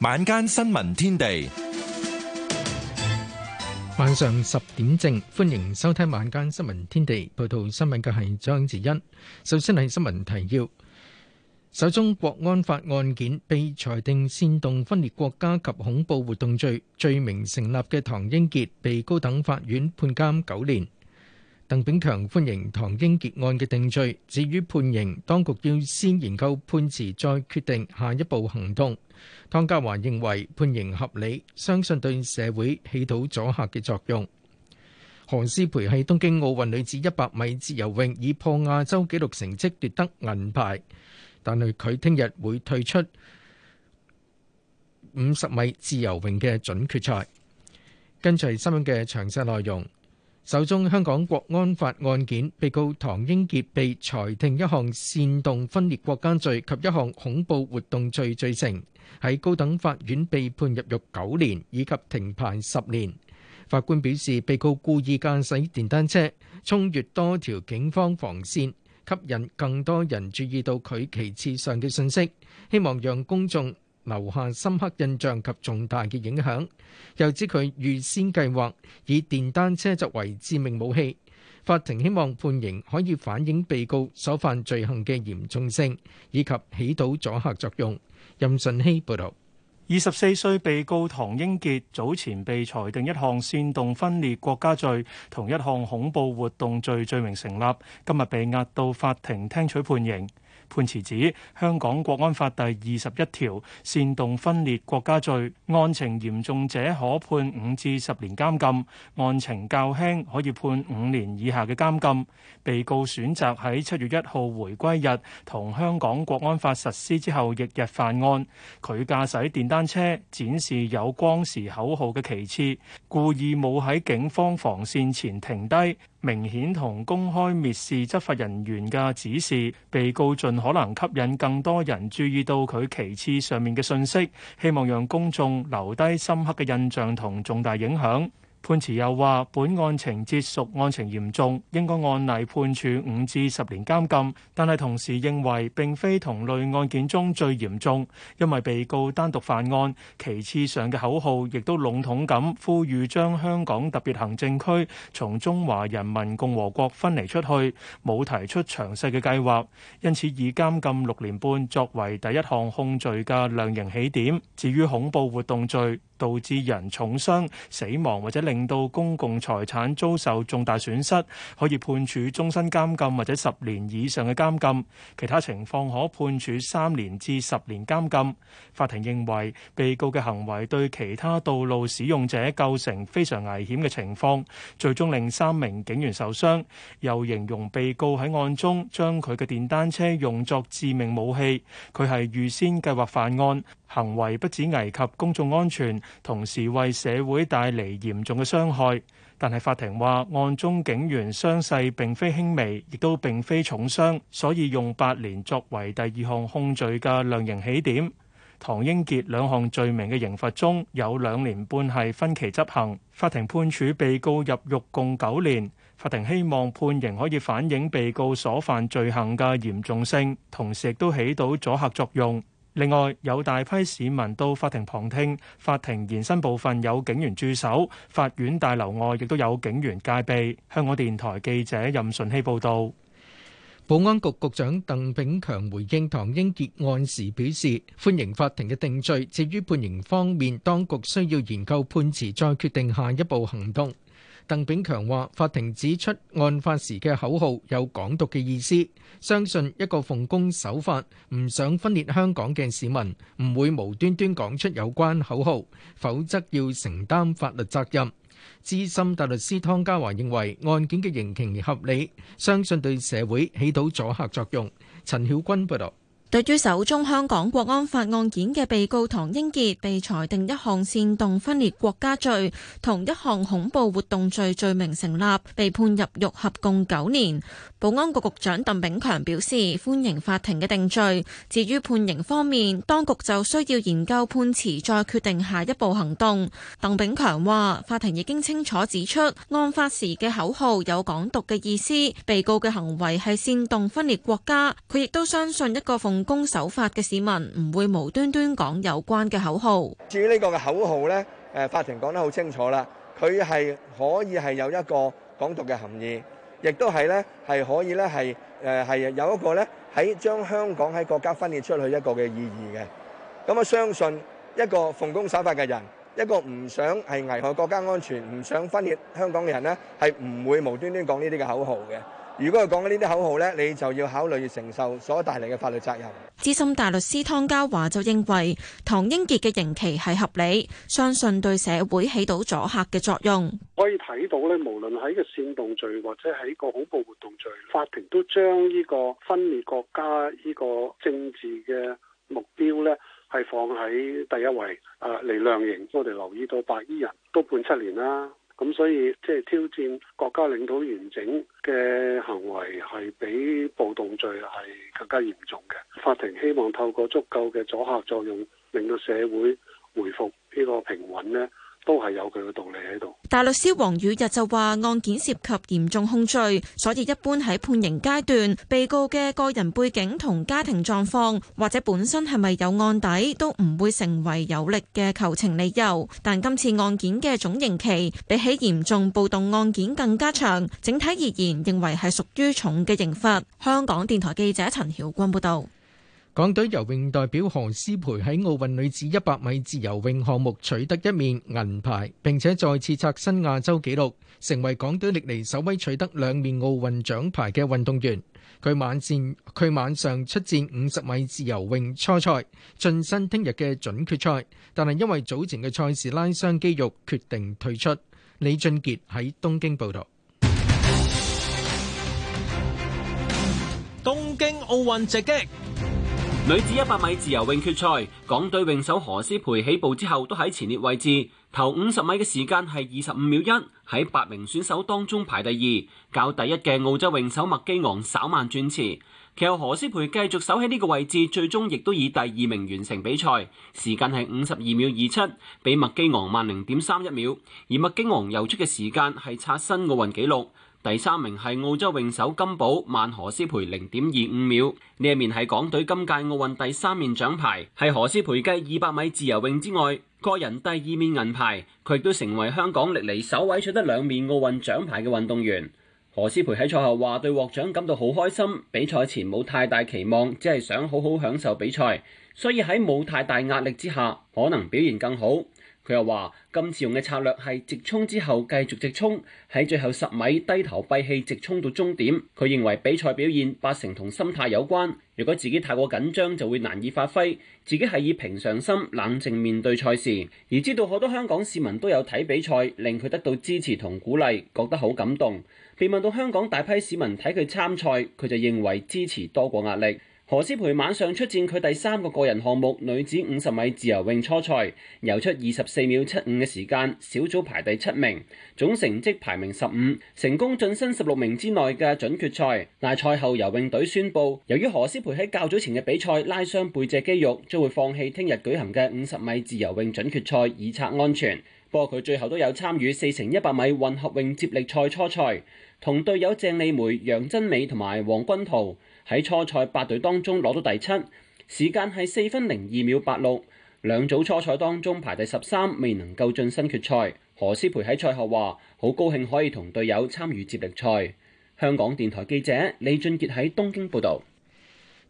晚間新聞天地，晚上十點正，歡迎收聽晚間新聞天地。報道新聞嘅係張子欣。首先係新聞提要：首宗國安法案件被裁定煽動分裂國家及恐怖活動罪，罪名成立嘅唐英傑，被高等法院判監九年。鄧炳強歡迎唐英傑案嘅定罪，至於判刑，當局要先研究判詞，再決定下一步行動。湯家驊認為判刑合理，相信對社會起到阻嚇嘅作用。何詩蓓喺東京奧運女子一百米自由泳以破亞洲紀錄成績奪得銀牌，但係佢聽日會退出五十米自由泳嘅準決賽。跟隨新聞嘅詳細內容。首宗香港國安法案件，被告唐英傑被裁定一項煽動分裂國家罪及一項恐怖活動罪罪成，喺高等法院被判入獄九年以及停牌十年。法官表示，被告故意駕駛電單車，衝越多條警方防線，吸引更多人注意到佢旗幟上嘅信息，希望讓公眾。留下深刻印象及重大嘅影響，又指佢預先計劃以電單車作為致命武器。法庭希望判刑可以反映被告所犯罪行嘅嚴重性，以及起到阻嚇作用。任順熙報道。二十四歲被告唐英傑早前被裁定一項煽動分裂國家罪，同一項恐怖活動罪罪名成立，今日被押到法庭聽取判刑。判詞指香港國安法第二十一條煽動分裂國家罪，案情嚴重者可判五至十年監禁，案情較輕可以判五年以下嘅監禁。被告選擇喺七月一號回歸日同香港國安法實施之後翌日犯案，佢駕駛電單車展示有光時口號嘅旗幟，故意冇喺警方防線前停低。明顯同公開蔑視執法人員嘅指示，被告盡可能吸引更多人注意到佢旗幟上面嘅信息，希望讓公眾留低深刻嘅印象同重大影響。判詞又話，本案情節屬案情嚴重，應該按例判處五至十年監禁，但係同時認為並非同類案件中最嚴重，因為被告單獨犯案，其次上嘅口號亦都籠統咁呼籲將香港特別行政區從中華人民共和國分離出去，冇提出詳細嘅計劃，因此以監禁六年半作為第一項控罪嘅量刑起點。至於恐怖活動罪。導致人重傷、死亡或者令到公共財產遭受重大損失，可以判處終身監禁或者十年以上嘅監禁。其他情況可判處三年至十年監禁。法庭認為被告嘅行為對其他道路使用者構成非常危險嘅情況，最終令三名警員受傷。又形容被告喺案中將佢嘅電單車用作致命武器，佢係預先計劃犯案。行為不止危及公眾安全，同時為社會帶嚟嚴重嘅傷害。但係法庭話，案中警員傷勢並非輕微，亦都並非重傷，所以用八年作為第二項控罪嘅量刑起點。唐英傑兩項罪名嘅刑罰中有兩年半係分期執行。法庭判處被告入獄共九年。法庭希望判刑可以反映被告所犯罪行嘅嚴重性，同時亦都起到阻嚇作用。另外，有大批市民到法庭旁聽，法庭延伸部分有警員駐守，法院大樓外亦都有警員戒備。香港電台記者任順熙報道。保安局局長鄧炳強回應唐英傑案時表示，歡迎法庭嘅定罪，至於判刑方面，當局需要研究判詞，再決定下一步行動。鄧炳強話：法庭指出案發時嘅口號有港獨嘅意思，相信一個奉公守法、唔想分裂香港嘅市民，唔會無端端講出有關口號，否則要承擔法律責任。資深大律師湯家驊認為案件嘅刑期合理，相信對社會起到阻嚇作用。陳曉君報道。對於首宗香港國安法案件嘅被告唐英傑被裁定一項煽動分裂國家罪同一項恐怖活動罪罪名成立，被判入獄合共九年。保安局局長鄧炳強表示歡迎法庭嘅定罪。至於判刑方面，當局就需要研究判詞，再決定下一步行動。鄧炳強話，法庭已經清楚指出案發時嘅口號有港獨嘅意思，被告嘅行為係煽動分裂國家。佢亦都相信一個奉奉公守法嘅市民唔會無端端講有關嘅口號。至於呢個嘅口號咧，誒，法庭講得好清楚啦，佢係可以係有一個港獨嘅含義，亦都係咧係可以咧係誒係有一個咧喺將香港喺國家分裂出去一個嘅意義嘅。咁我，相信一個奉公守法嘅人，一個唔想係危害國家安全、唔想分裂香港嘅人咧，係唔會無端端講呢啲嘅口號嘅。如果佢講緊呢啲口號咧，你就要考慮要承受所帶嚟嘅法律責任。資深大律師湯家驊就認為唐英傑嘅刑期係合理，相信對社會起到阻嚇嘅作用。可以睇到咧，無論喺個煽動罪或者喺個恐怖活動罪，法庭都將呢個分裂國家呢個政治嘅目標咧，係放喺第一位啊，嚟量刑。我哋留意到白衣人都判七年啦。咁所以即係挑戰國家領土完整嘅行為，係比暴動罪係更加嚴重嘅。法庭希望透過足夠嘅阻嚇作用，令到社會回復呢個平穩咧。都係有佢嘅道理喺度。大律師黃宇日就話：案件涉及嚴重控罪，所以一般喺判刑階段，被告嘅個人背景同家庭狀況或者本身係咪有案底，都唔會成為有力嘅求情理由。但今次案件嘅總刑期比起嚴重暴動案件更加長，整體而言，認為係屬於重嘅刑罰。香港電台記者陳曉君報道。港隊游泳代表何詩蓓喺奧運女子一百米自由泳項目取得一面銀牌，並且再次刷新亞洲紀錄，成為港隊歷嚟首位取得兩面奧運獎牌嘅運動員。佢晚戰佢晚上出戰五十米自由泳初賽，晉身聽日嘅準決賽，但係因為早前嘅賽事拉傷肌肉，決定退出。李俊傑喺東京報道。東京奧運直擊。女子一百米自由泳決賽，港隊泳手何詩蓓起步之後都喺前列位置，頭五十米嘅時間係二十五秒一，喺八名選手當中排第二，較第一嘅澳洲泳手麥基昂稍慢轉遲，其後何詩蓓繼續守喺呢個位置，最終亦都以第二名完成比賽，時間係五十二秒二七，比麥基昂慢零點三一秒，而麥基昂游出嘅時間係刷新奧運紀錄。第三名係澳洲泳手金寶，慢何詩蓓零點二五秒。呢一面係港隊今屆奧運第三面獎牌，係何詩蓓繼二百米自由泳之外，個人第二面銀牌，佢亦都成為香港歷嚟首位取得兩面奧運獎牌嘅運動員。何詩蓓喺賽後話對獲獎感到好開心，比賽前冇太大期望，只係想好好享受比賽，所以喺冇太大壓力之下，可能表現更好。佢又話：今次用嘅策略係直衝之後繼續直衝，喺最後十米低頭閉氣直衝到終點。佢認為比賽表現八成同心態有關，如果自己太過緊張就會難以發揮。自己係以平常心冷靜面對賽事，而知道好多香港市民都有睇比賽，令佢得到支持同鼓勵，覺得好感動。被問到香港大批市民睇佢參賽，佢就認為支持多過壓力。何詩蓓晚上出戰佢第三個個人項目女子五十米自由泳初賽，游出二十四秒七五嘅時間，小組排第七名，總成績排名十五，成功晉身十六名之內嘅準決賽。但賽後游泳隊宣布，由於何詩蓓喺較早前嘅比賽拉傷背脊肌肉，將會放棄聽日舉行嘅五十米自由泳準決賽以策安全。不過佢最後都有參與四乘一百米混合泳接力賽初賽，同隊友鄭莉梅、楊珍美同埋黃筠陶。喺初賽八隊當中攞到第七，時間係四分零二秒八六。兩組初賽當中排第十三，未能夠進新決賽。何詩蓓喺賽後話：好高興可以同隊友參與接力賽。香港電台記者李俊傑喺東京報導。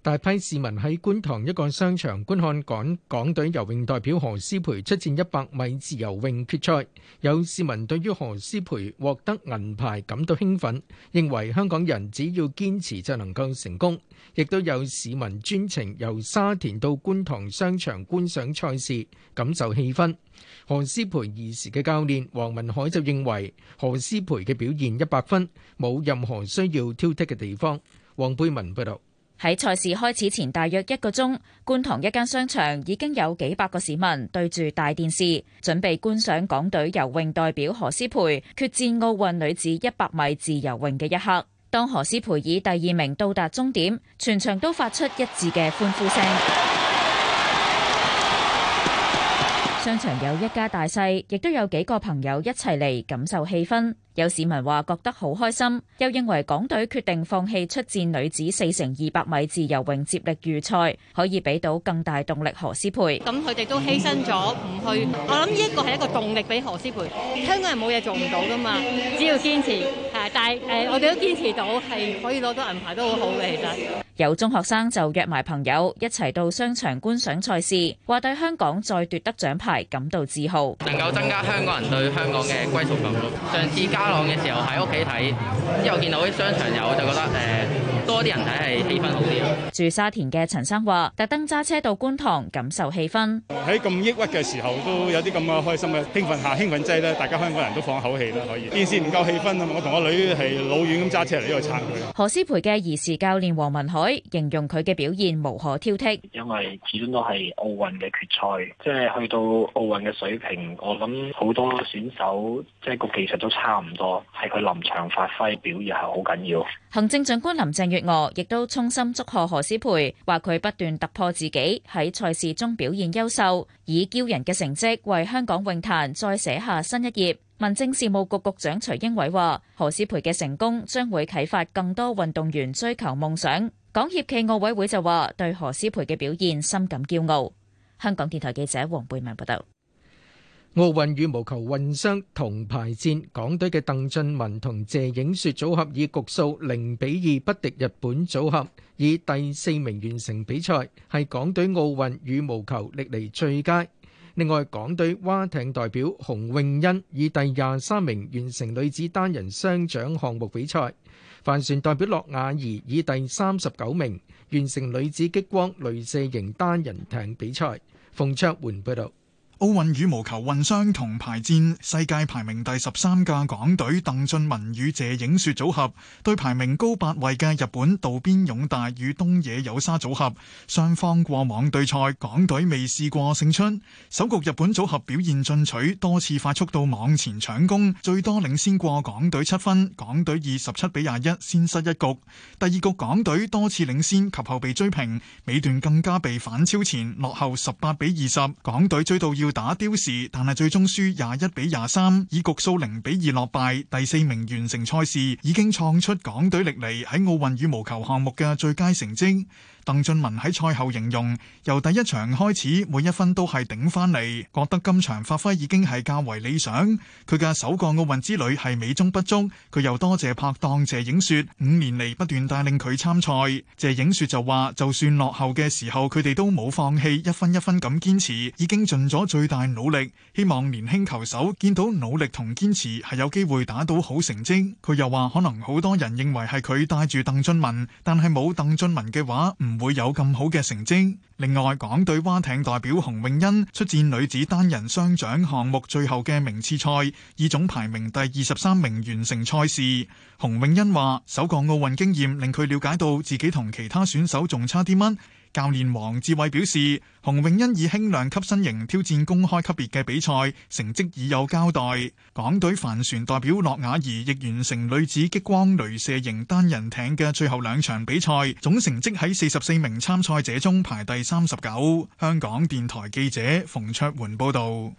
大批市民喺觀塘一個商場觀看港港隊游泳代表何詩蓓出戰一百米自由泳決賽，有市民對於何詩蓓獲得銀牌感到興奮，認為香港人只要堅持就能夠成功。亦都有市民專程由沙田到觀塘商場觀賞賽事，感受氣氛。何詩蓓兒時嘅教練黃文海就認為何詩蓓嘅表現一百分，冇任何需要挑剔嘅地方。黃貝文報道。喺賽事開始前大約一個鐘，觀塘一間商場已經有幾百個市民對住大電視，準備觀賞港隊游泳代表何詩蓓決戰奧運女子一百米自由泳嘅一刻。當何詩蓓以第二名到達終點，全場都發出一致嘅歡呼聲。商場有一家大細亦都有幾個朋友一齊嚟，感受氣氛。有市民話覺得好開心，又認為港隊決定放棄出戰女子四乘二百米自由泳接力預賽，可以俾到更大動力何詩蓓。咁佢哋都犧牲咗唔去，我諗呢個係一個動力俾何詩蓓。香港人冇嘢做唔到㗎嘛，只要堅持，但係誒我哋都堅持到，係可以攞到銀牌都好好嘅，其實有中學生就約埋朋友一齊到商場觀賞賽事，話對香港再奪得獎牌感到自豪，能夠增加香港人對香港嘅歸屬感咯。上次加朗嘅時候喺屋企睇，之後見到啲商場有，就覺得誒。呃多啲人睇係氣氛好啲。住沙田嘅陳生話，特登揸車到觀塘感受氣氛。喺咁抑鬱嘅時候都有啲咁嘅開心嘅興奮下、興奮劑咧，大家香港人都放一口氣啦，可以電視唔夠氣氛啊嘛！我同個女係老遠咁揸車嚟呢度撐佢。何詩蓓嘅兒時教練黃文海形容佢嘅表現無可挑剔。因為始終都係奧運嘅決賽，即係去到奧運嘅水平，我諗好多選手即係個技術都差唔多，係佢臨場發揮表現係好緊要。行政長官林鄭月我亦都衷心祝賀何詩蓓，話佢不斷突破自己喺賽事中表現優秀，以驕人嘅成績為香港泳壇再寫下新一頁。民政事務局局長徐英偉話：何詩蓓嘅成功將會啟發更多運動員追求夢想。港協暨奧委會就話對何詩蓓嘅表現深感驕傲。香港電台記者黃貝文報道。奧運羽毛球混雙銅牌戰，港隊嘅鄧俊文同謝影雪組合以局數零比二不敵日本組合，以第四名完成比賽，係港隊奧運羽毛球歷嚟最佳。另外，港隊划艇代表洪詠欣以第廿三名完成女子單人雙槳項目比賽，帆船代表駱雅怡以第三十九名完成女子激光雷射型單人艇比賽。馮卓桓報道。奧運羽毛球混雙同排戰，世界排名第十三嘅港隊鄧俊文與謝影雪組合，對排名高八位嘅日本渡邊勇大與東野有沙組合，雙方過往對賽港隊未試過勝出。首局日本組合表現進取，多次快速到網前搶攻，最多領先過港隊七分，港隊十七比廿一先失一局。第二局港隊多次領先及後被追平，尾段更加被反超前落後十八比二十，港隊追到要打丟時，但係最終輸廿一比廿三，以局數零比二落敗，第四名完成賽事，已經創出港隊歷嚟喺奧運羽毛球項目嘅最佳成績。鄧俊文喺賽後形容，由第一場開始，每一分都係頂翻嚟，覺得今場發揮已經係較為理想。佢嘅首個奧運之旅係美中不足，佢又多謝拍檔謝影雪五年嚟，不斷帶領佢參賽。謝影雪就話，就算落後嘅時候，佢哋都冇放棄，一分一分咁堅持，已經盡咗最大努力。希望年輕球手見到努力同堅持係有機會打到好成績。佢又話，可能好多人認為係佢帶住鄧俊文，但係冇鄧俊文嘅話唔。唔會有咁好嘅成績。另外，港隊蛙艇代表洪永恩出戰女子單人雙槳項目最後嘅名次賽，以總排名第二十三名完成賽事。洪永恩話，首個奧運經驗令佢了解到自己同其他選手仲差啲乜。教練王志偉表示，洪永欣以輕量級身形挑戰公開級別嘅比賽，成績已有交代。港隊帆船代表諾雅兒亦完成女子激光鐳射型單人艇嘅最後兩場比賽，總成績喺四十四名參賽者中排第三十九。香港電台記者馮卓桓報道。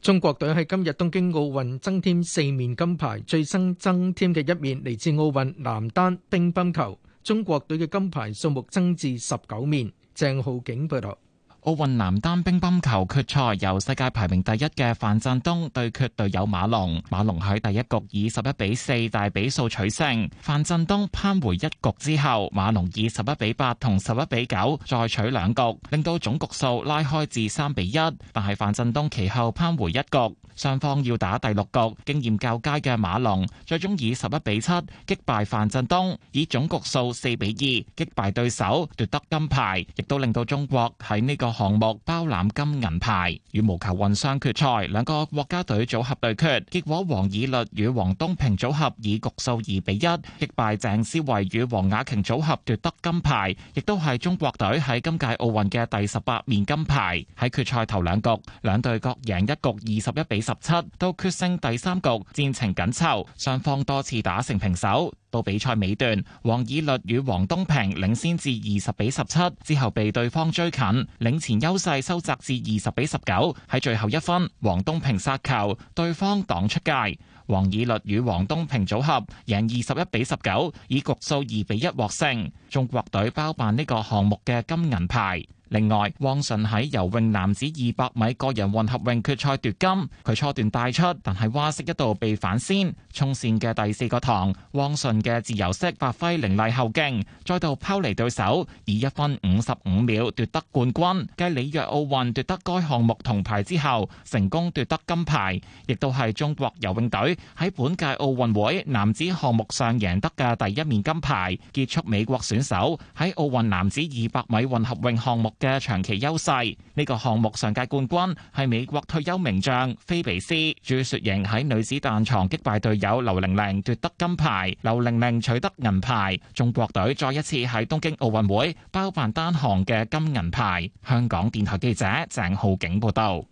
中國隊喺今日東京奧運增添四面金牌，最新增添嘅一面嚟自奧運男單乒乓球。中國隊嘅金牌數目增至十九面。鄭浩景報道。奧運男單乒乓球決賽由世界排名第一嘅樊振東對決隊友馬龍。馬龍喺第一局以十一比四大比數取勝，樊振東扳回一局之後，馬龍以十一比八同十一比九再取兩局，令到總局數拉開至三比一。但係樊振東其後扳回一局，雙方要打第六局。經驗較佳嘅馬龍最終以十一比七擊敗樊振東，以總局數四比二擊敗對手，奪得金牌，亦都令到中國喺呢個。項目包攬金銀牌。羽毛球混雙決賽，兩個國家隊組合對決，結果王懿律與黃東萍組合以局數二比一擊敗鄭思維與黃雅瓊組合奪得金牌，亦都係中國隊喺今屆奧運嘅第十八面金牌。喺決賽頭兩局，兩隊各贏一局，二十一比十七，到決勝第三局，戰情緊湊，雙方多次打成平手。到比賽尾段，王以律與黃東平領先至二十比十七，之後被對方追近，領前優勢收窄至二十比十九。喺最後一分，黃東平殺球，對方擋出界，王以律與黃東平組合贏二十一比十九，以局數二比一獲勝。中國隊包辦呢個項目嘅金銀牌。另外，汪順喺游泳男子二百米個人混合泳決賽奪金。佢初段帶出，但係蛙式一度被反先。衝線嘅第四個塘，汪順嘅自由式發揮凌厲後勁，再度拋離對手，以一分五十五秒奪得冠軍。繼里約奧運奪得該項目銅牌之後，成功奪得金牌，亦都係中國游泳隊喺本屆奧運會男子項目上贏得嘅第一面金牌。結束美國選手喺奧運男子二百米混合泳項目。嘅長期優勢，呢、這個項目上屆冠軍係美國退休名將菲比斯。朱雪瑩喺女子彈床擊敗隊友劉玲玲奪得金牌，劉玲玲取得銀牌，中國隊再一次喺東京奧運會包辦單項嘅金銀牌。香港電台記者鄭浩景報道。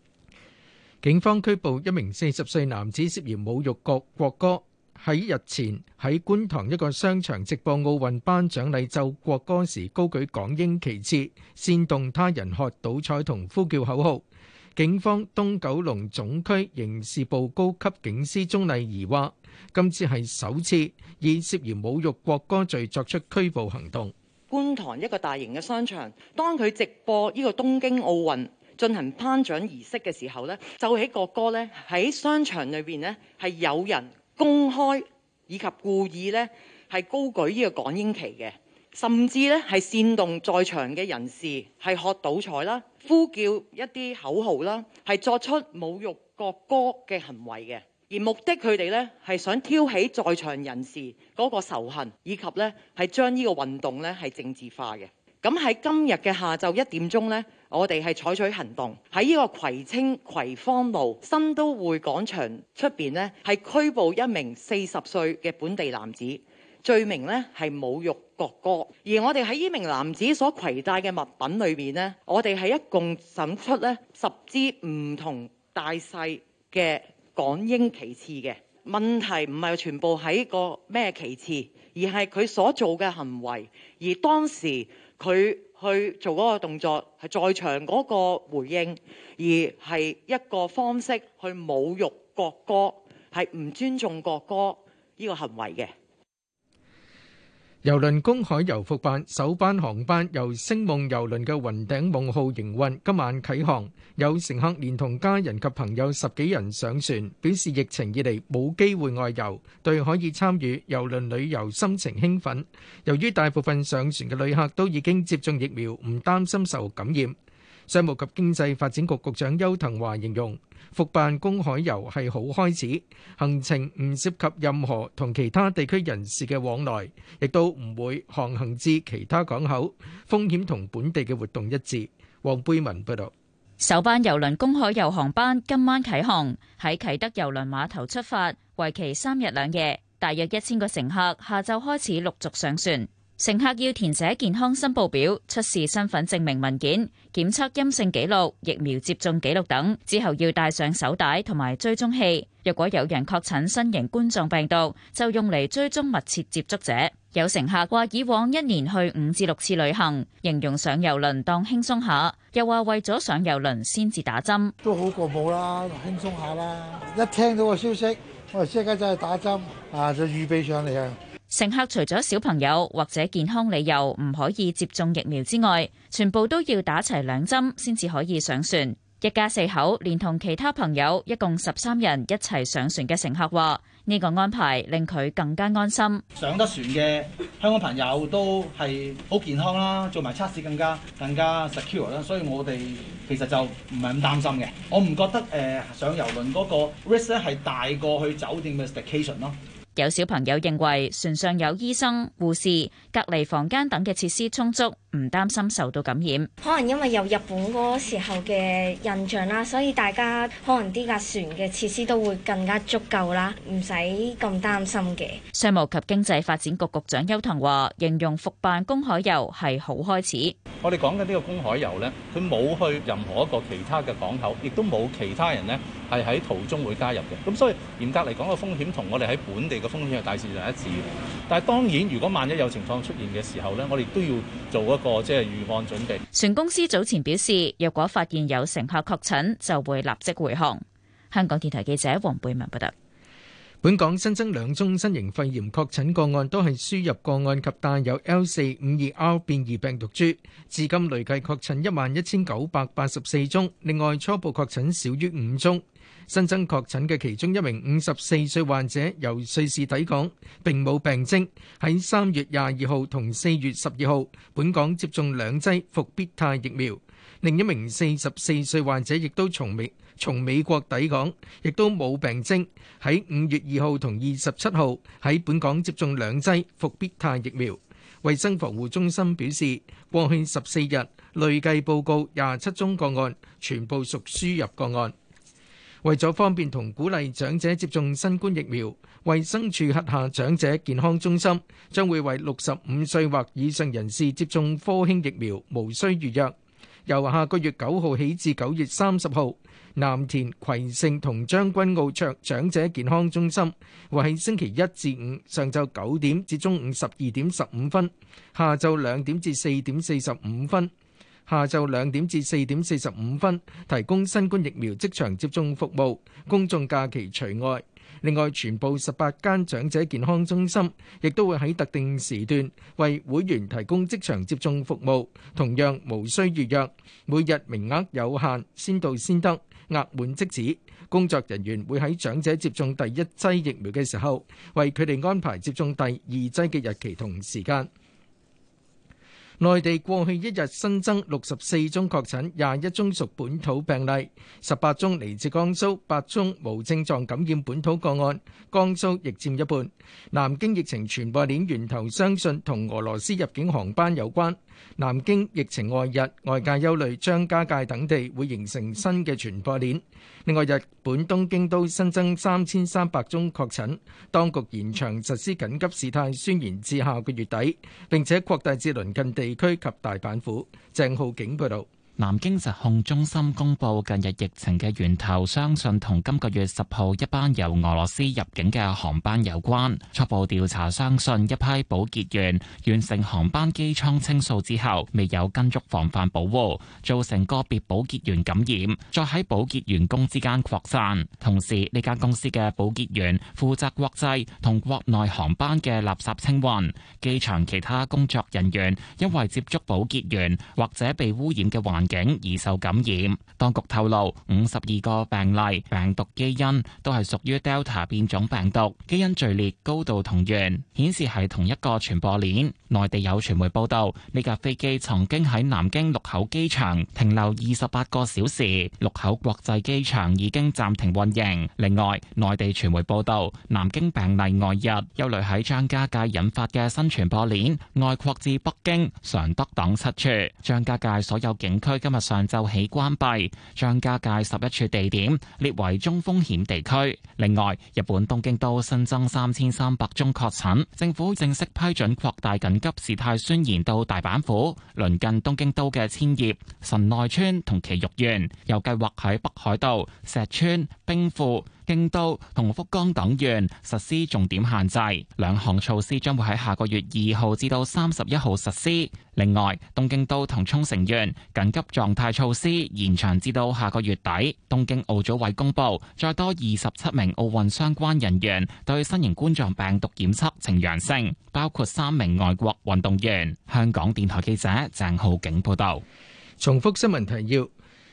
警方拘捕一名四十歲男子涉嫌侮辱國國歌，喺日前喺觀塘一個商場直播奧運頒獎禮奏國歌時，高舉港英旗幟，煽動他人喝倒彩同呼叫口號。警方東九龍總區刑事部高級警司鍾麗儀話：今次係首次以涉嫌侮辱國歌罪作出拘捕行動。觀塘一個大型嘅商場，當佢直播呢個東京奧運進行頒獎儀式嘅時候呢，奏起國歌呢，喺商場裏邊呢係有人。公開以及故意咧係高舉呢個港英旗嘅，甚至咧係煽動在場嘅人士係學倒彩啦，呼叫一啲口號啦，係作出侮辱國歌嘅行為嘅。而目的佢哋咧係想挑起在場人士嗰個仇恨，以及咧係將呢個運動咧係政治化嘅。咁喺今日嘅下晝一點鐘咧。我哋係採取行動，喺呢個葵青葵芳路新都會廣場出邊呢係拘捕一名四十歲嘅本地男子，罪名呢係侮辱國歌。而我哋喺呢名男子所攜帶嘅物品裏面呢，我哋係一共審出呢十支唔同大細嘅港英旗幟嘅問題，唔係全部喺個咩旗幟，而係佢所做嘅行為，而當時佢。去做嗰個動作係在場嗰個回應，而係一個方式去侮辱國歌，係唔尊重國歌呢個行為嘅。郵輪公海遊復辦，首班航班由星夢郵輪嘅雲頂夢號營運，今晚啟航，有乘客連同家人及朋友十幾人上船，表示疫情以嚟冇機會外遊，對可以參與郵輪旅遊心情興奮。由於大部分上船嘅旅客都已經接種疫苗，唔擔心受感染。商務及經濟發展局局長邱騰華形容復辦公海遊係好開始，行程唔涉及任何同其他地區人士嘅往來，亦都唔會航行至其他港口，風險同本地嘅活動一致。黃貝文報道，首班郵輪公海遊航班今晚啟航，喺啟德郵輪碼頭出發，為期三日兩夜，大約一千個乘客下晝開始陸續上船。乘客要填寫健康申報表、出示身份證明文件、檢測陰性記錄、疫苗接種記錄等。之後要戴上手帶同埋追蹤器。若果有人確診新型冠狀病毒，就用嚟追蹤密切接觸者。有乘客話以往一年去五至六次旅行，形容上遊輪當輕鬆下。又話為咗上遊輪先至打針，都好過冇啦，輕鬆下啦。一聽到個消息，我即刻就係打針啊，就預備上嚟啊。乘客除咗小朋友或者健康理由唔可以接種疫苗之外，全部都要打齊兩針先至可以上船。一家四口連同其他朋友一共十三人一齊上船嘅乘客話：呢個安排令佢更加安心。上得船嘅香港朋友都係好健康啦，做埋測試更加更加 secure 啦，所以我哋其實就唔係咁擔心嘅。我唔覺得誒、呃、上游輪嗰個 risk 咧，係大過去酒店嘅 staycation 咯。有小朋友認為船上有醫生、護士、隔離房間等嘅設施充足。唔擔心受到感染，可能因為有日本嗰個時候嘅印象啦，所以大家可能啲架船嘅設施都會更加足夠啦，唔使咁擔心嘅。商務及經濟發展局局長邱騰華話，形容復辦公海遊係好開始。我哋講緊呢個公海遊呢，佢冇去任何一個其他嘅港口，亦都冇其他人呢係喺途中會加入嘅。咁所以嚴格嚟講，個風險同我哋喺本地嘅風險係大致上一致嘅。但係當然，如果萬一有情況出現嘅時候呢，我哋都要做一個。即係預案準備。船公司早前表示，若果發現有乘客確診，就會立即回航。香港電台記者黃貝文報道。本港新增兩宗新型肺炎確診個案，都係輸入個案及帶有 L 四五二 R 變異病毒株。至今累計確診一萬一千九百八十四宗，另外初步確診少於五宗。新增確診嘅其中一名五十四歲患者由瑞士抵港，並冇病徵，喺三月廿二號同四月十二號本港接種兩劑復必泰疫苗。另一名四十四歲患者亦都從美從美國抵港，亦都冇病徵，喺五月二號同二十七號喺本港接種兩劑復必泰疫苗。衛生防護中心表示，過去十四日累計報告廿七宗個案，全部屬輸入個案。為咗方便同鼓勵長者接種新冠疫苗，衛生署轄下長者健康中心將會為六十五歲或以上人士接種科興疫苗，無需預約。由下個月九號起至九月三十號，南田葵盛同將軍澳卓長者健康中心會喺星期一至五上晝九點至中午十二點十五分，下晝兩點至四點四十五分，下晝兩點至四點四十五分提供新冠疫苗即場接種服務，公眾假期除外。另外，全部十八間長者健康中心亦都會喺特定時段為會員提供即場接種服務，同樣無需預約，每日名額有限，先到先得，額滿即止。工作人員會喺長者接種第一劑疫苗嘅時候，為佢哋安排接種第二劑嘅日期同時間。內地過去一日新增六十四宗確診，廿一宗屬本土病例，十八宗嚟自江蘇，八宗無症狀感染本土個案，江蘇亦占一半。南京疫情傳播鏈源頭相信同俄羅斯入境航班有關。南京疫情外日，外界憂慮張家界等地會形成新嘅傳播鏈。另外，日本東京都新增三千三百宗確診，當局延長實施緊急事態宣言至下個月底，並且擴大至鄰近地區及大阪府。鄭浩景報道。南京疾控中心公布近日疫情嘅源頭，相信同今個月十號一班由俄羅斯入境嘅航班有關。初步調查相信一批保潔員完成航班機艙清掃之後，未有跟足防範保護，造成個別保潔員感染，再喺保潔員工之間擴散。同時，呢間公司嘅保潔員負責國際同國內航班嘅垃圾清運，機場其他工作人員因為接觸保潔員或者被污染嘅環，境易受感染。當局透露，五十二個病例病毒基因都係屬於 Delta 變種病毒，基因序列高度同源，顯示係同一個傳播鏈。內地有傳媒報道，呢架飛機曾經喺南京祿口機場停留二十八個小時。祿口國際機場已經暫停運營。另外，內地傳媒報道，南京病例外日又來喺張家界引發嘅新傳播鏈，外擴至北京、常德等七處。張家界所有景區今日上晝起關閉，張家界十一處地點列為中風險地區。另外，日本東京都新增三千三百宗確診，政府正式批准擴大緊急事態宣言到大阪府鄰近東京都嘅千葉、神奈川同埼玉縣，又計劃喺北海道石川、兵庫京都同福岡等縣實施重點限制，兩項措施將會喺下個月二號至到三十一號實施。另外，東京都同沖繩縣緊急狀態措施延長至到下個月底。東京奧組委公布，再多二十七名奧運相關人員對新型冠狀病毒檢測呈陽性，包括三名外國運動員。香港電台記者鄭浩景報道。重複新聞提要。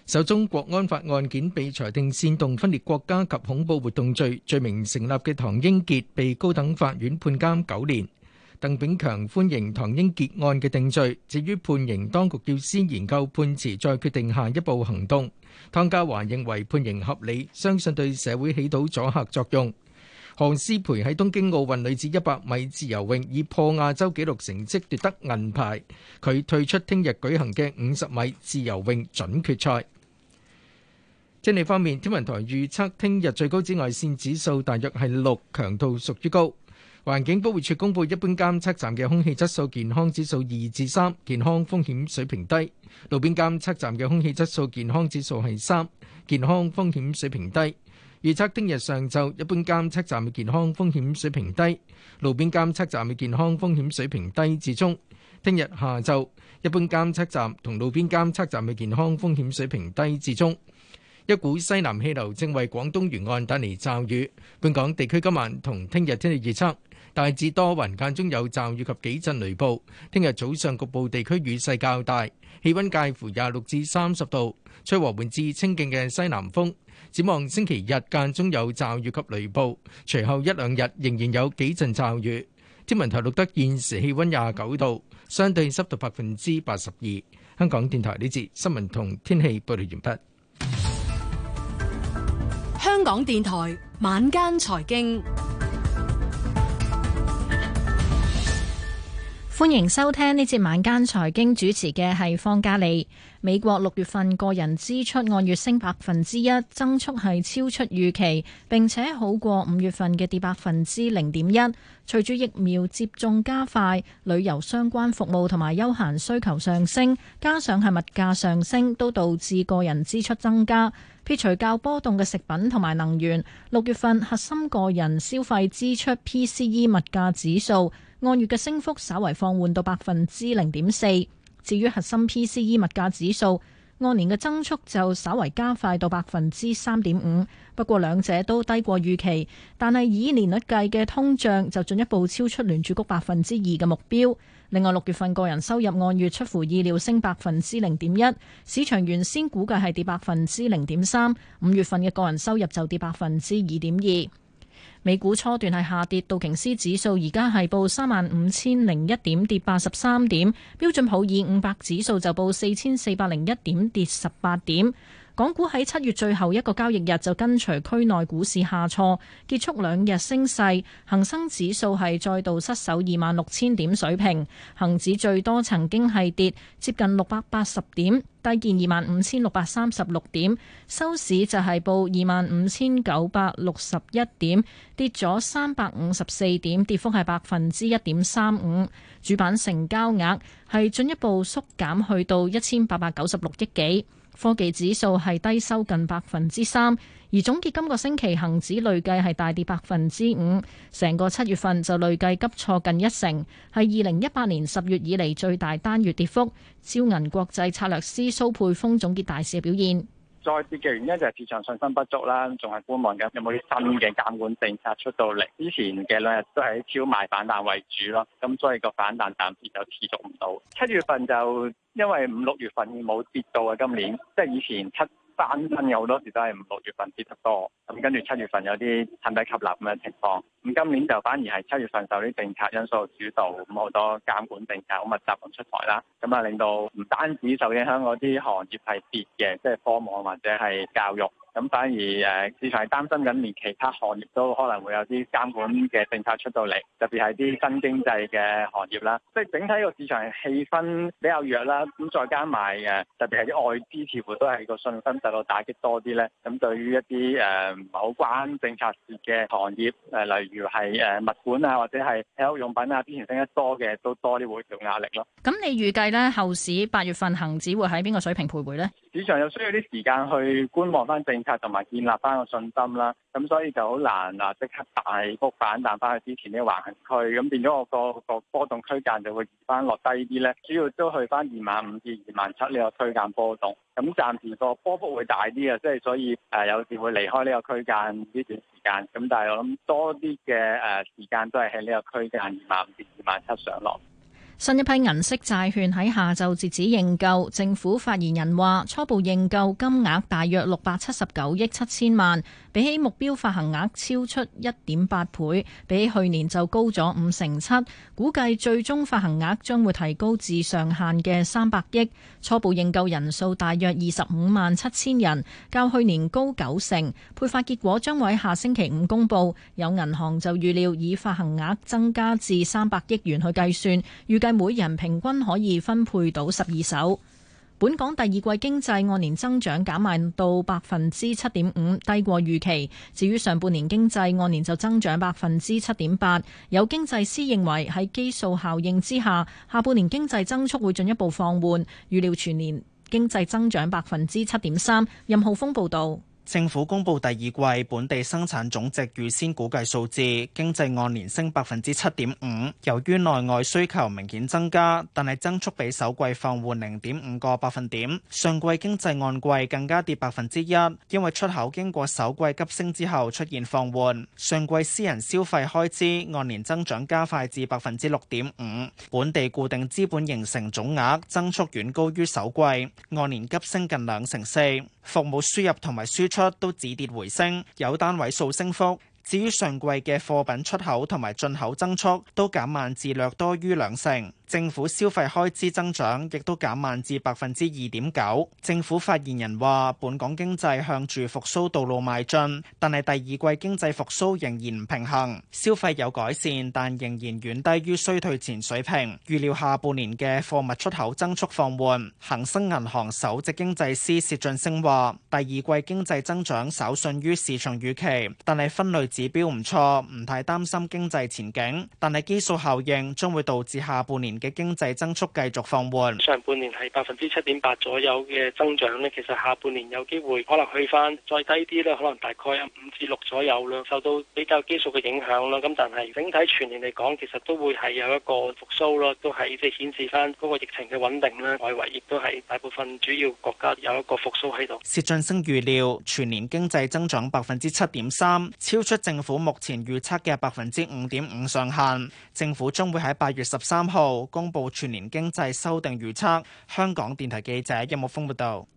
首宗國安法案件被裁定煽動分裂國家及恐怖活動罪罪罪名成立嘅唐英傑，被高等法院判監九年。鄧炳強歡迎唐英傑案嘅定罪，至於判刑，當局要先研究判詞再決定下一步行動。湯家驊認為判刑合理，相信對社會起到阻嚇作用。黃思培喺東京奧運女子一百米自由泳以破亞洲紀錄成績奪得銀牌，佢退出聽日舉行嘅五十米自由泳準決賽。天氣方面，天文台預測聽日最高紫外線指數大約係六，強度屬於高。環境保護署公布一般監測站嘅空氣質素健康指數二至三，健康風險水平低；路邊監測站嘅空氣質素健康指數係三，健康風險水平低。預測聽日上晝一般監測站嘅健康風險水平低，路邊監測站嘅健康風險水平低至中。聽日下晝一般監測站同路邊監測站嘅健康風險水平低至中。一股西南氣流正為廣東沿岸帶嚟驟雨，本港地區今晚同聽日天氣預測。大致多雲，間中有驟雨及幾陣雷暴。聽日早上局部地區雨勢較大，氣溫介乎廿六至三十度，吹和緩至清勁嘅西南風。展望星期日間中有驟雨及雷暴，隨後一兩日仍然有幾陣驟雨。天文台錄得現時氣溫廿九度，相對濕度百分之八十二。香港電台呢節新聞同天氣報道完畢。香港電台晚間財經。歡迎收聽呢節晚間財經，主持嘅係方嘉利。美國六月份個人支出按月升百分之一，增速係超出預期，並且好過五月份嘅跌百分之零點一。隨住疫苗接種加快，旅遊相關服務同埋休閒需求上升，加上係物價上升，都導致個人支出增加。撇除較波動嘅食品同埋能源，六月份核心個人消費支出 PCE 物價指數。按月嘅升幅稍為放緩到百分之零點四，至於核心 PCE 物價指數按年嘅增速就稍為加快到百分之三點五，不過兩者都低過預期，但係以年率計嘅通脹就進一步超出聯儲局百分之二嘅目標。另外六月份個人收入按月出乎意料升百分之零點一，市場原先估計係跌百分之零點三，五月份嘅個人收入就跌百分之二點二。美股初段係下跌，道瓊斯指數而家係報三萬五千零一點，跌八十三點；標準普爾五百指數就報四千四百零一點，跌十八點。港股喺七月最後一個交易日就跟隨區內股市下挫，結束兩日升勢。恒生指數係再度失守二萬六千點水平，恒指最多曾經係跌接近六百八十點，低見二萬五千六百三十六點，收市就係報二萬五千九百六十一點，跌咗三百五十四點，跌幅係百分之一點三五。主板成交額係進一步縮減去到一千八百九十六億幾。科技指數係低收近百分之三，而總結今個星期恒指累計係大跌百分之五，成個七月份就累計急挫近一成，係二零一八年十月以嚟最大單月跌幅。招銀國際策略師蘇佩峰總結大市表現。再跌嘅原因就係市場信心不足啦，仲係觀望緊有冇啲新嘅監管政策出到嚟。之前嘅兩日都係超賣反彈為主咯，咁所以個反彈暫時就持續唔到。七月份就因為五六月份冇跌到啊，今年即係、就是、以前七。本身有好多時都係五六月份跌得多，咁跟住七月份有啲趁低吸納咁嘅情況，咁今年就反而係七月份受啲政策因素主導，咁好多監管政策好密集咁出台啦，咁啊令到唔單止受影響嗰啲行業係跌嘅，即係科網或者係教育。咁反而誒，市場係擔心緊，連其他行業都可能會有啲監管嘅政策出到嚟，特別係啲新經濟嘅行業啦。即係整體個市場氣氛比較弱啦。咁再加埋誒，特別係啲外資似乎都係個信心受到打擊多啲咧。咁對於一啲誒、呃、某關政策涉嘅行業，誒、呃、例如係誒物管啊，或者係體育用品啊，之前升得多嘅都多啲會有壓力咯。咁你預計咧後市八月份恆指會喺邊個水平徘徊咧？市場又需要啲時間去觀望翻政策同埋建立翻個信心啦，咁所以就好難嗱，啊，即刻大幅反彈翻去之前啲橫行區，咁變咗我個個波動區間就會移翻落低啲咧。主要都去翻二萬五至二萬七呢個區間波動，咁暫時個波幅會大啲啊，即係所以誒有時會離開呢個區間呢段時間，咁但係我諗多啲嘅誒時間都係喺呢個區間二萬五至二萬七上落。新一批銀色債券喺下晝截止認購，政府發言人話初步認購金額大約六百七十九億七千萬。比起目標發行額超出一點八倍，比起去年就高咗五成七，估計最終發行額將會提高至上限嘅三百億。初步認購人數大約二十五萬七千人，較去年高九成。配發結果將會喺下星期五公佈。有銀行就預料以發行額增加至三百億元去計算，預計每人平均可以分配到十二手。本港第二季經濟按年增長減慢到百分之七點五，低過預期。至於上半年經濟按年就增長百分之七點八。有經濟師認為喺基數效應之下，下半年經濟增速會進一步放緩，預料全年經濟增長百分之七點三。任浩峰報導。政府公布第二季本地生產總值預先估計數字，經濟按年升百分之七點五。由於內外需求明顯增加，但係增速比首季放緩零點五個百分點。上季經濟按季更加跌百分之一，因為出口經過首季急升之後出現放緩。上季私人消費開支按年增長加快至百分之六點五。本地固定資本形成總額增速遠高於首季，按年急升近兩成四。服務輸入同埋輸出都止跌回升，有單位數升幅。至於上季嘅貨品出口同埋進口增速都減慢至略多於兩成，政府消費開支增長亦都減慢至百分之二點九。政府發言人話：本港經濟向住復蘇道路邁進，但係第二季經濟復蘇仍然唔平衡，消費有改善但仍然遠低於衰退前水平。預料下半年嘅貨物出口增速放緩。恒生銀行首席經濟師薛俊升話：第二季經濟增長稍遜於市場預期，但係分類。指標唔錯，唔太擔心經濟前景，但係基數效應將會導致下半年嘅經濟增速繼續放緩。上半年係百分之七點八左右嘅增長呢，其實下半年有機會可能去翻再低啲啦，可能大概有五至六左右啦，受到比較基數嘅影響啦。咁但係整體全年嚟講，其實都會係有一個復甦啦，都係即係顯示翻嗰個疫情嘅穩定啦。外圍亦都係大部分主要國家有一個復甦喺度。薛俊升預料全年經濟增長百分之七點三，超出。政府目前預測嘅百分之五點五上限，政府將會喺八月十三號公布全年經濟修訂預測。香港電台記者音樂風報道。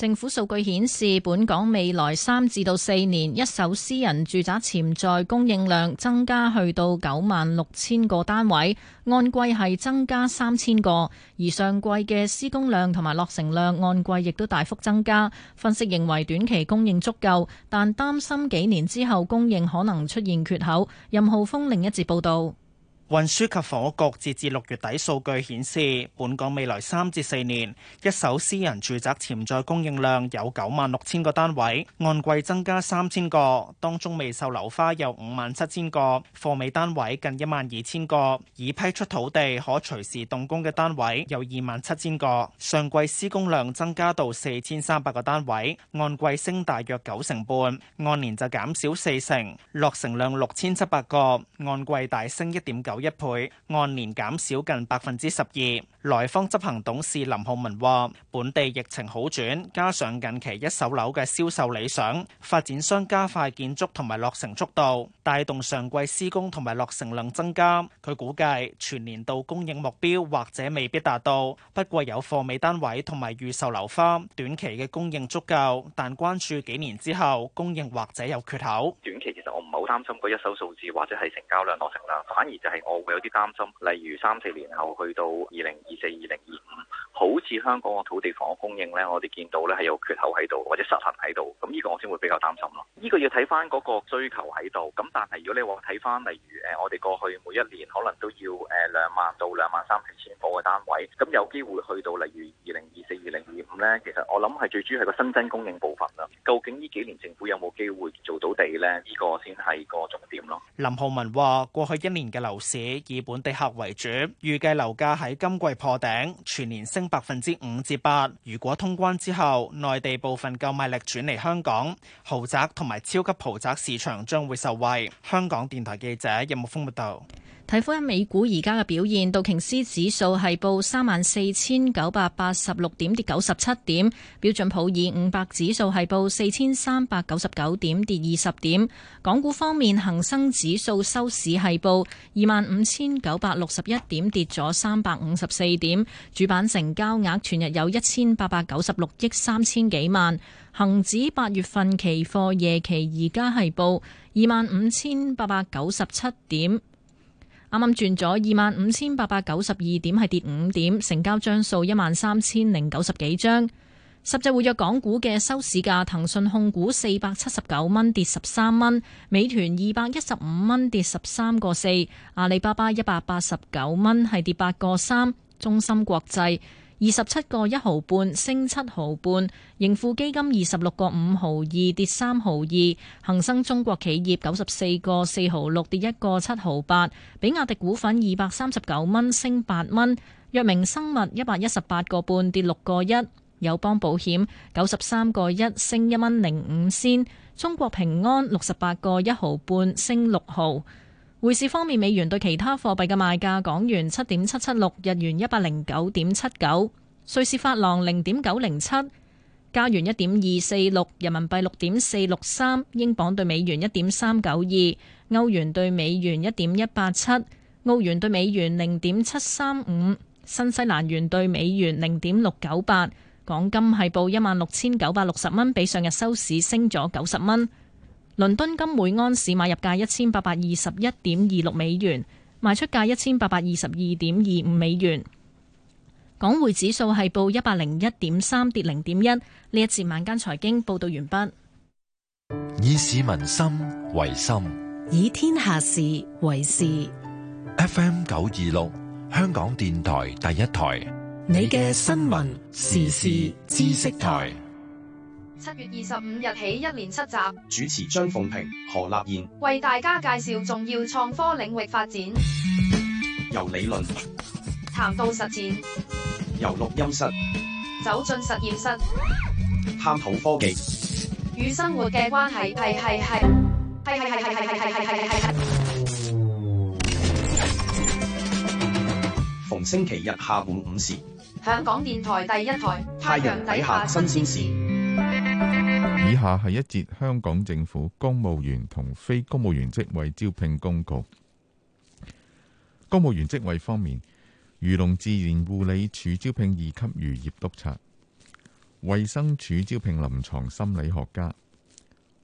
政府數據顯示，本港未來三至到四年一手私人住宅潛在供應量增加去到九萬六千個單位，按季係增加三千個，而上季嘅施工量同埋落成量按季亦都大幅增加。分析認為短期供應足夠，但擔心幾年之後供應可能出現缺口。任浩峰另一節報道。運輸及房屋局截至六月底數據顯示，本港未來三至四年一手私人住宅潛在供應量有九萬六千個單位，按季增加三千個，當中未售樓花有五萬七千個，貨尾單位近一萬二千個，已批出土地可隨時動工嘅單位有二萬七千個，上季施工量增加到四千三百個單位，按季升大約九成半，按年就減少四成，落成量六千七百個，按季大升一點九。一倍，按年減少近百分之十二。萊坊執行董事林浩文話，本地疫情好轉，加上近期一手樓嘅銷售理想，發展商加快建築同埋落成速度，帶動上季施工同埋落成量增加。佢估計全年度供應目標或者未必達到，不過有貨尾單位同埋預售樓花，短期嘅供應足夠，但關注幾年之後供應或者有缺口。短期其實我唔係好擔心嗰一手數字或者係成交量落成啦，反而就係。我會有啲擔心，例如三四年後去到二零二四、二零二五，好似香港個土地房供應呢，我哋見到呢係有缺口喺度，或者失衡喺度，咁呢個我先會比較擔心咯。呢個要睇翻嗰個需求喺度，咁但係如果你話睇翻例如誒我哋過去每一年可能都要誒兩萬到兩萬三千個嘅單位，咁有機會去到例如二零二四、二零二五呢。其實我諗係最主要係個新增供應部分啦。究竟呢幾年政府有冇機會做到地呢？呢個先係個重點咯。林浩文話：過去一年嘅樓市。以本地客為主，預計樓價喺今季破頂，全年升百分之五至八。如果通關之後，內地部分購買力轉嚟香港，豪宅同埋超級豪宅市場將會受惠。香港電台記者任木鋒報道。睇翻美股而家嘅表現，道瓊斯指數係報三萬四千九百八十六點，跌九十七點；標準普爾五百指數係報四千三百九十九點，跌二十點。港股方面，恒生指數收市係報二萬五千九百六十一點，跌咗三百五十四點。主板成交額全日有一千八百九十六億三千幾萬。恒指八月份期貨夜期而家係報二萬五千八百九十七點。啱啱轉咗二萬五千八百九十二點，係跌五點，成交張數一萬三千零九十幾張。十隻活躍港股嘅收市價，騰訊控股四百七十九蚊，跌十三蚊；美團二百一十五蚊，跌十三個四；阿里巴巴一百八十九蚊，係跌八個三；中芯國際，二十七個一毫半升七毫半，盈富基金二十六個五毫二跌三毫二，恒生中國企業九十四個四毫六跌一個七毫八，比亞迪股份二百三十九蚊升八蚊，藥明生物一百一十八個半跌六個一，友邦保險九十三個一升一蚊零五仙，中國平安六十八個一毫半升六毫。匯市方面，美元對其他貨幣嘅賣價：港元七點七七六，日元一百零九點七九，瑞士法郎零點九零七，加元一點二四六，人民幣六點四六三，英鎊對美元一點三九二，歐元對美元一點一八七，澳元對美元零點七三五，新西蘭元對美元零點六九八。港金係報一萬六千九百六十蚊，比上日收市升咗九十蚊。倫敦金每安士買入價一千八百二十一點二六美元，賣出價一千八百二十二點二五美元。港匯指數係報 3, 一百零一點三，跌零點一。呢一節晚間財經報道完畢。以市民心為心，以天下事為事。FM 九二六，香港電台第一台，你嘅新聞時事知識台。七月二十五日起，一連七集，主持張鳳平、何立賢，為大家介紹重要創科領域發展，由理論談到實踐，由錄音室走進實驗室，探討科技與生活嘅關係，系系系系系系系系系系。逢星期日下午五時，香港電台第一台，太陽底下新鮮事。以下係一節香港政府公務員同非公務員職位招聘公告。公務員職位方面，漁農自然護理署招聘二級漁業督察；衛生署招聘臨床心理學家；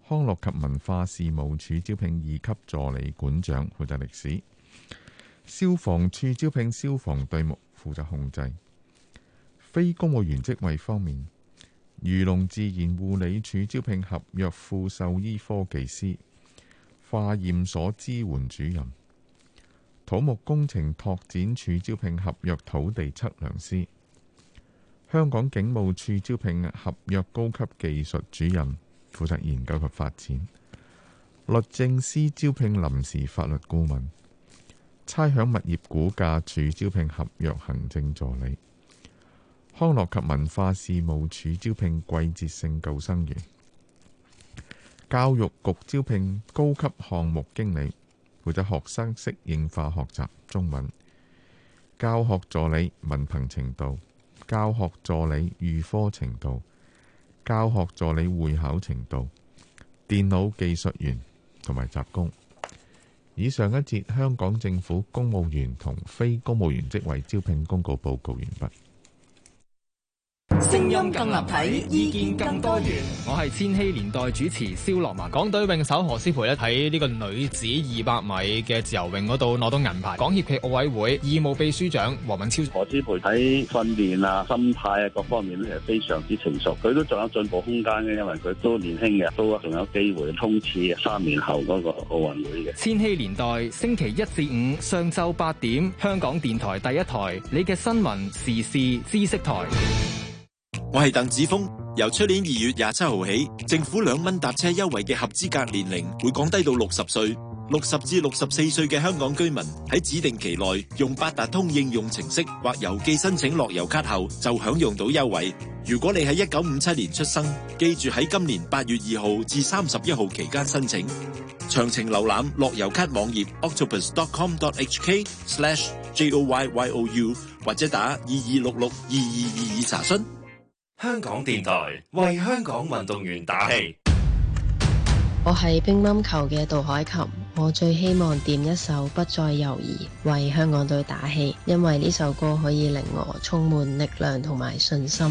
康樂及文化事務署招聘二級助理館長，負責歷史；消防處招聘消防隊目，負責控制。非公務員職位方面。漁農自然護理署招聘合約副獸醫科技師、化驗所支援主任、土木工程拓展署招聘合約土地測量師、香港警務處招聘合約高級技術主任，負責研究及發展；律政司招聘臨時法律顧問、差餉物業估價署招聘合約行政助理。康樂及文化事務署招聘季節性救生員，教育局招聘高級項目經理，負責學生適應化學習中文，教學助理文憑程度，教學助理預科程度，教學助理會考程度，電腦技術員同埋雜工。以上一節香港政府公務員同非公務員職位招聘公告報告完畢。聲音更立體，意見更多元。我係千禧年代主持蕭樂文，港隊泳手何詩蓓咧喺呢個女子二百米嘅自由泳嗰度攞到銀牌。港協暨奧委會義務秘書長黃敏超，何詩蓓喺訓練啊、心態啊各方面咧，其實非常之成熟。佢都仲有進步空間嘅，因為佢都年輕嘅，都仲有機會衝刺三年後嗰個奧運會嘅。千禧年代星期一至五上晝八點，香港電台第一台你嘅新聞時事知識台。我係鄧梓峰。由出年二月廿七號起，政府兩蚊搭車優惠嘅合資格年齡會降低到六十歲。六十至六十四歲嘅香港居民喺指定期內用八達通應用程式或郵寄申請樂悠咭後，就享用到優惠。如果你喺一九五七年出生，記住喺今年八月二號至三十一號期間申請。詳情瀏覽樂悠咭網頁 octopus.com.hk/joyyou，或者打二二六六二二二二查詢。香港電台，為香港運動員打氣。我係乒乓球嘅杜海琴，我最希望點一首不再猶豫，為香港隊打氣，因為呢首歌可以令我充滿力量同埋信心。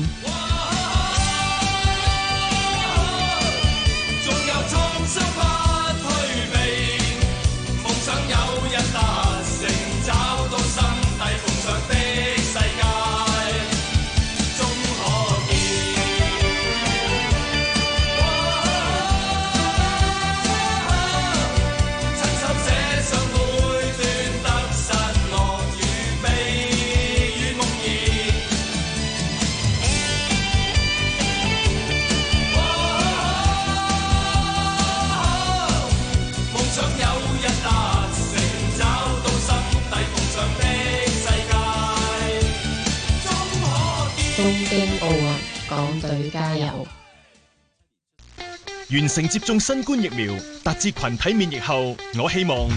成接種新冠疫苗，達至群體免疫後，我希望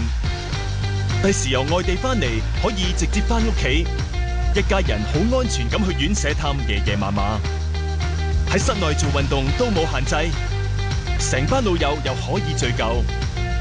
第時由外地翻嚟可以直接翻屋企，一家人好安全咁去院舍探爺爺嫲嫲，喺室內做運動都冇限制，成班老友又可以聚舊。